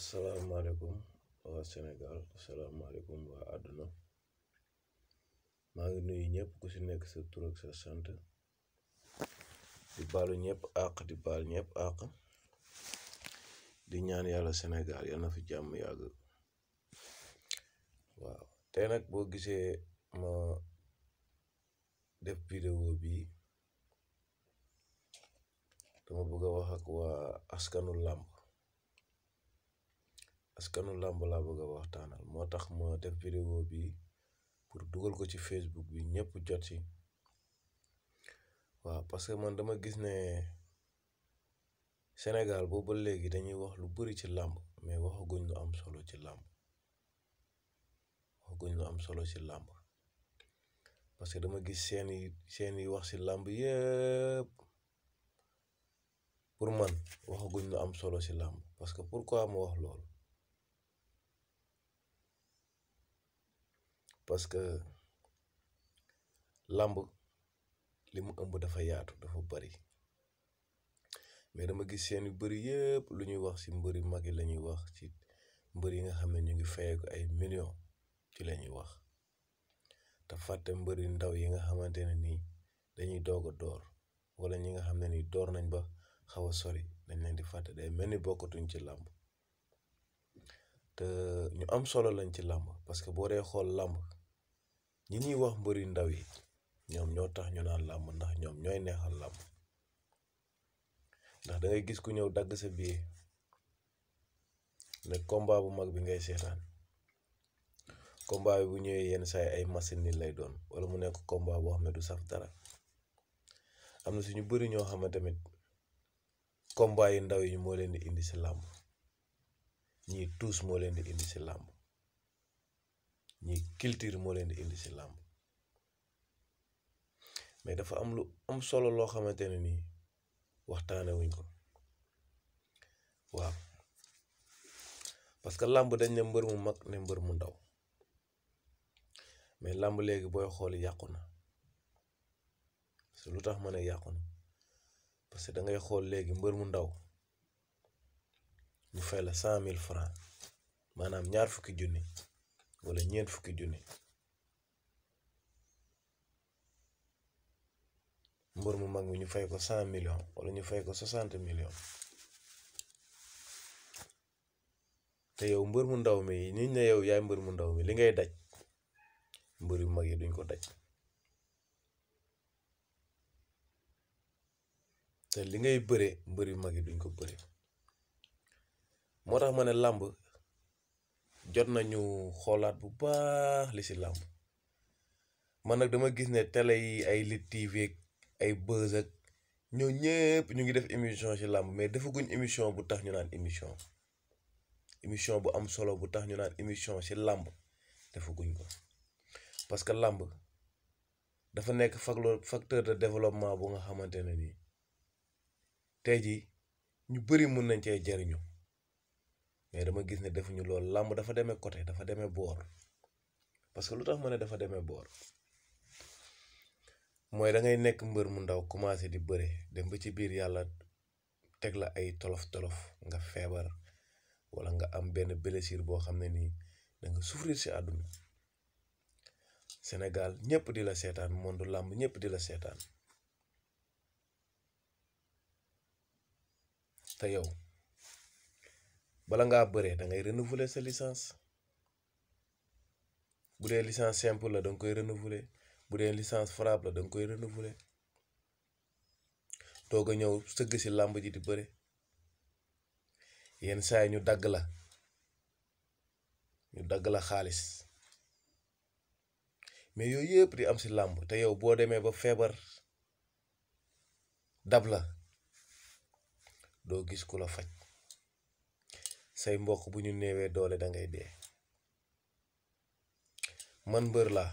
Assalamualaikum, waa Sénégal asalaamaaleykum waa àdduna maa ngi nuyu ñëpp ku si nekk sa tur sa sant di baalu ñëpp àq di baal ñëpp àq di ñaan yàlla Sénégal yal na fi jàmm yàgg waaw tey nag boo gisee ma def vidéo bi dama bëgg a wax ak waa askanu askanu làmb laa bëgg a waxtaanal moo tax ma def vidéo bi pour dugal ko ci Facebook bi ñëpp jot ci waaw parce que man dama gis ne Sénégal boobu léegi dañuy wax lu bari ci làmb mais waxaguñ lu am solo ci làmb waxaguñ lu am solo ci làmb parce que dama gis seeni seeni wax ci làmb yëpp pour man waxaguñ lu am solo ci làmb parce que pourquoi ma wax loolu. parce que làmb li mu ëmb dafa yaatu dafa bari mais dama gis seen yu bari yëpp lu ñuy wax si mbër yu mag yi la ñuy wax ci mbër yi nga xam ne ñu ngi fayeeku ay millions ci la ñuy wax te fàtte mbër yu ndaw yi nga xamante ne nii dañuy doog a door wala ñi nga xam ne nii door nañ ba xaw a sori dañ leen di fàtte day mel ni bokkatuñ ci làmb te ñu am solo lañ ci làmb parce que boo dee xool làmb ñi ñuy wax mbëri ndaw yi ñoom ñoo tax ñu naan làmb ndax ñoom ñooy neexal làmb ndax da ngay gis ku ñëw dagg sa ne combat bu mag bi ngay seetaan combat bi bu ñëwee yenn saay ay machine ni lay doon wala mu nekk combat boo xam ne du saf dara am na suñu bëri ñoo xam ne tamit combat yi ndaw yi moo leen di indi si làmb ñii tous moo leen di indi si làmb ñi culture moo leen di indi si làmb mais dafa am lu am solo loo xamante ne nii waxtaane ko waaw parce que làmb dañ ne mbër mu mag ne mbër mu ndaw mais làmb léegi booy xool yàqu na su lu tax ma ne yàqu na parce que da ngay xool léegi mbër mu ndaw ñu fay la cent mille francs maanaam ñaar fukki junni wala ñeent fukki junni mbir mu mag mi ñu fay ko cent million wala ñu fay ko soixante million te yow mbir mu ndaw mi ñu ne yow yaay mbir mu ndaw mi li ngay daj mbir yu mag yi duñ ko daj te li ngay bëre mbir yu mag yi duñ ko bëre moo tax ma ne lamb jot nañu xoolaat bu baax li si làmb man nag dama gis ne télé yi ay Lutte ak ay Buzz ak ñoo ñëpp ñu ngi def émission si làmb mais defaguñ émission bu tax ñu naan émission émission bu am solo bu tax ñu naan émission si làmb defaguñ ko parce que làmb dafa nekk facteur de développement bu nga xamante ne nii tey jii ñu bëri mun nañ cee jariñu mais dama gis ne defuñu lool lamb dafa demee côté dafa demee bor. parce que lu tax ma ne dafa demee boor mooy da nekk mbër mu ndaw commencé di bëre dem ba ci biir yàlla teg la ay tolof tolof nga feebar wala nga am benn blessure boo xam ne nii da nga souffrir si àdduna Sénégal ñëpp di la seetaan monde lamb di la seetaan te bala ngaa bëree da ngay renouveler sa licence bu dee licence simple la da koy renouveler bu dee licence frappe la da nga koy renouveler toog a ñëw sëgg si làmb ji di bëre yenn saa yi ñu dagg la ñu dagg la xaalis mais yooyu yëpp di am si làmb te yow boo demee ba feebar dab la doo gis ku la faj. say mbokk bu ñu neewee doole da ngay dee man mbër laa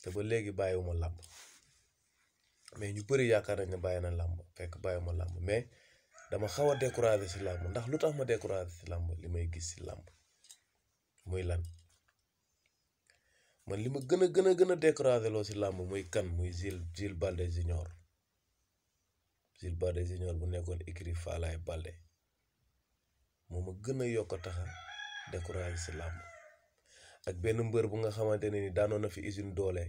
te ba léegi bàyyiwuma làmb mais ñu bari yaakaar nañ ne bàyyi na làmb fekk bàyyiwuma làmb mais dama xaw a découragé si làmb ndax lu tax ma découragé si làmb li may gis si làmb muy lan man li ma gën a gën a gën a découragé loo si làmb muy kan muy Zil Zil Balde Junior Zil Balde Junior bu nekkoon écrit Faalaay Balde moma gëna gën yokk taxa découragé ci lamb ak benn mbeur bu nga xamante ni daanoon na fi usine doole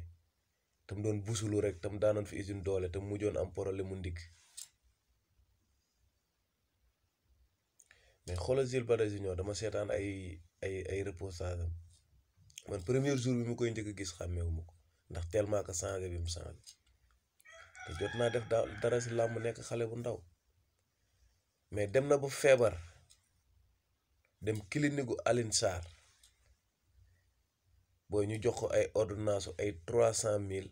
tam doon busulu rek tam daanoon fi usine doole tam joon am problème mu ndik mais xoolal Jules Bada Junior dama sétane ay ay ay reportage man premier jour bi mu koy ndëk gis ko ndax tellement ka changé bi mu changé te jot na def dara ci lamb nek xalé bu ndaw mais dem na bu feebar dem clinique gu Alioune booy ñu jox ko ay ordonnance ay trois cent mille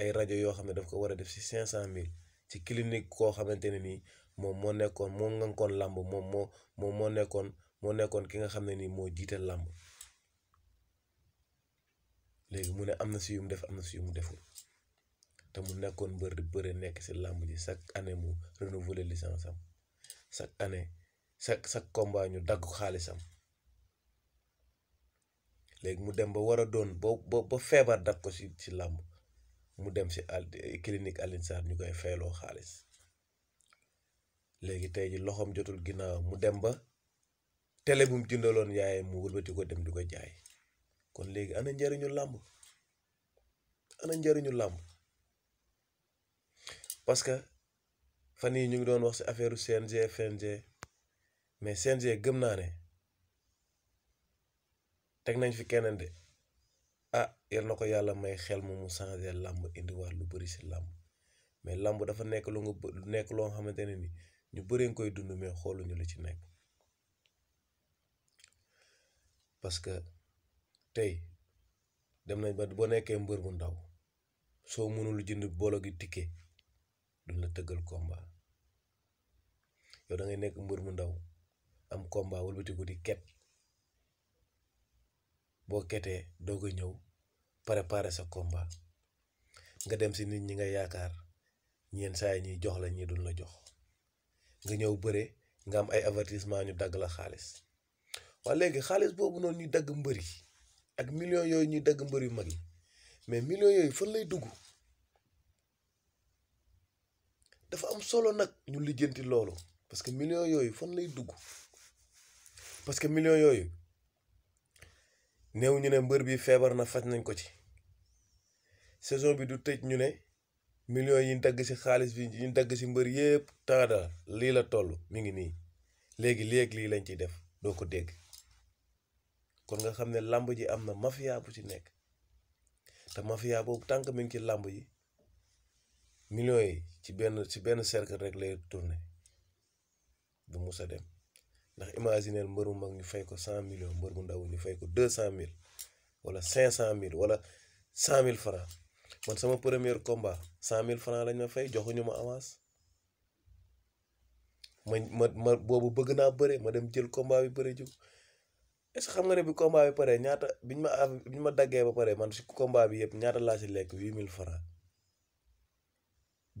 ay rajo yoo xam ne daf ko war a def si cinq cent mille ci clinique koo xamante ne nii moom moo nekkoon koon làmb moom moo nekkoon moo nekkoon ki nga xam ne nii moo jiite làmb léegi mu ne am na si yu mu def am na si yu mu deful te mu nekkoon bëri di bëre nekk si làmb ji chaque année mu renouveler licence am chaque année sa sa combat ñu dagg xaalisam léegi mu dem ba war a doon ba ba feebar dab ko si si làmb mu dem si al clinique Alioune Sarr ñu koy feeloo xaalis léegi tey loxoom jotul ginnaaw mu dem ba tele bu mu jëndaloon yaayam mu wëlbati ko dem di ko jaay kon léegi ana njariñu làmb ana njariñu làmb parce que fan yii ñu ngi doon wax ci affaire CNG FNG. mais CNG gëm na né tek nañ fi kenen de ah yalla nako yalla may xel mu mu lamb indi indiwaat lu bari ci lamb mais lamb dafa nek lu nga nek lo xamante ni ñu bëree nga koy dund mais ñu la ci nek parce que tay dem nañ ba bo nekké mbeur bu ndaw mënu lu jënd bolo gi tiké duñ la tëggal combat yow da ngay nek mbeur mu ndaw. am combat wëlbatiku guddi ket boo ketee doog a ñëw préparer sa combat nga dem si nit ñi nga yaakaar ñeen saa yi ñuy jox la ñii duñ la jox nga ñëw bëre nga am ay avertissement ñu dagg la xaalis waa léegi xaalis boobu noonu ñuy dagg mbër yi ak million yooyu ñuy dagg mbër yu mag yi mais millions yooyu fan lay dugg dafa am solo nag ñu lijjanti loolu parce que millions yooyu fan lay dugg parce que millions yooyu néew ñu ne mbër bii feebar na faj nañ ko ci saison bi du tëj ñu ne million yi ñu dagg si xaalis bi ñu dagg si mbër yëpp taada lii la toll mi ngi nii léegi léegi lii lañ ci def doo ko dégg kon nga xam ne làmb ji am na mafia bu ci nekk te mafia boobu tànk mi ngi ci làmb yi million yi ci benn ci benn cercle rek lay tourné du mus a dem. ndax imaginer mbër mu mag ñu fay ko cent millions mbër mu ndaw ñu fay ko deux cent mille wala cinq cent mille wala cent mille franc man sama premier combat cent mille franc lañ ma fay joxuñu ma avance ma ma ma boobu bëgg naa bëre ma dem jël combat bi bëre jóg est xam nga ne bi combat bi pare ñaata biñ ma biñ ma daggee ba pare man si combat bi yëpp ñaata laa si lekk huit mille franc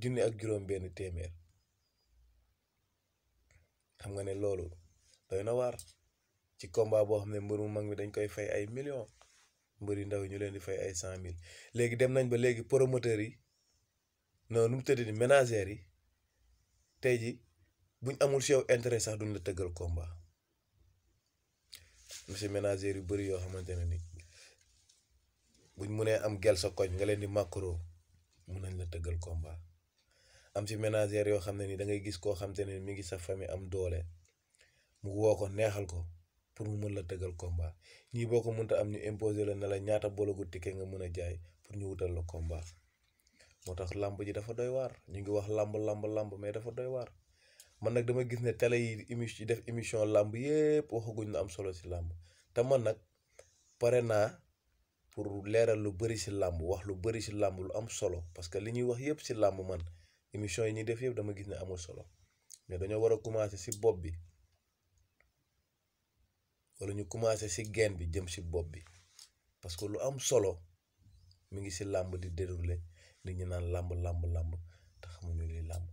junni ak juróom benn téeméer xam nga ne loolu doy na waar ci combat boo xam ne mbër mu mag mi dañ koy fay ay millions mbër yu yi ñu leen di fay ay cent mille léegi dem nañ ba léegi promoteurs yi non nu mu tëdd ni ménagères yi tey ji buñ amul si yow intérêt sax duñ la tëggal combat monsieur ménagères yu bëri yoo xamante ne ni buñ mënee am gel sa koñ nga leen di macro mun nañ la tëggal combat am si ménagères yoo xam ne ni da ngay gis koo xam ne mi ngi sa famille am doole. mu woo ko neexal ko pour mu mën la tëggal combat ñii boo ko mënta am ñu imposer la ne la ñaata bologu tikkee nga mën a jaay pour ñu wutal la combat moo tax làmb ji dafa doy waar ñu ngi wax làmb làmb làmb mais dafa doy waar man nag dama gis ne télé yi def émission làmb yépp waxaguñ na am solo si làmb te man nag pare naa pour leeral lu bari si làmb wax lu bari si làmb lu am solo parce que li ñuy wax yépp si làmb man émission yi ñuy def yépp dama gis ne amul solo mais dañoo war a commencer ci bopp bi. wala ñu commencé si geen bi jëm si bopp bi parce que lu am solo mu ngi si làmb di déroulé nit ñi naan làmb làmb làmb te xamuñu li làmb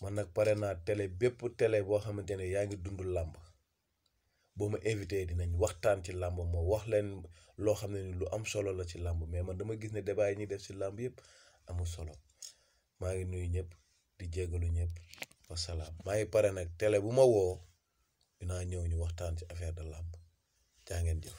man nag pare naa tele bépp tele boo xamante ne yaa ngi dund làmb boo ma invité dinañ waxtaan ci làmb moo wax leen loo xam ne ni lu am solo la ci làmb mais man dama gis ne débat yi ñuy def si làmb yëpp amul solo maa ngi nuyu ñëpp di jégalu ñëpp wasalaam maa ngi pare nag télé bu ma woo. dinaa ñëw ñu waxtaan ci affaire de làmb jaa ngeen jëf.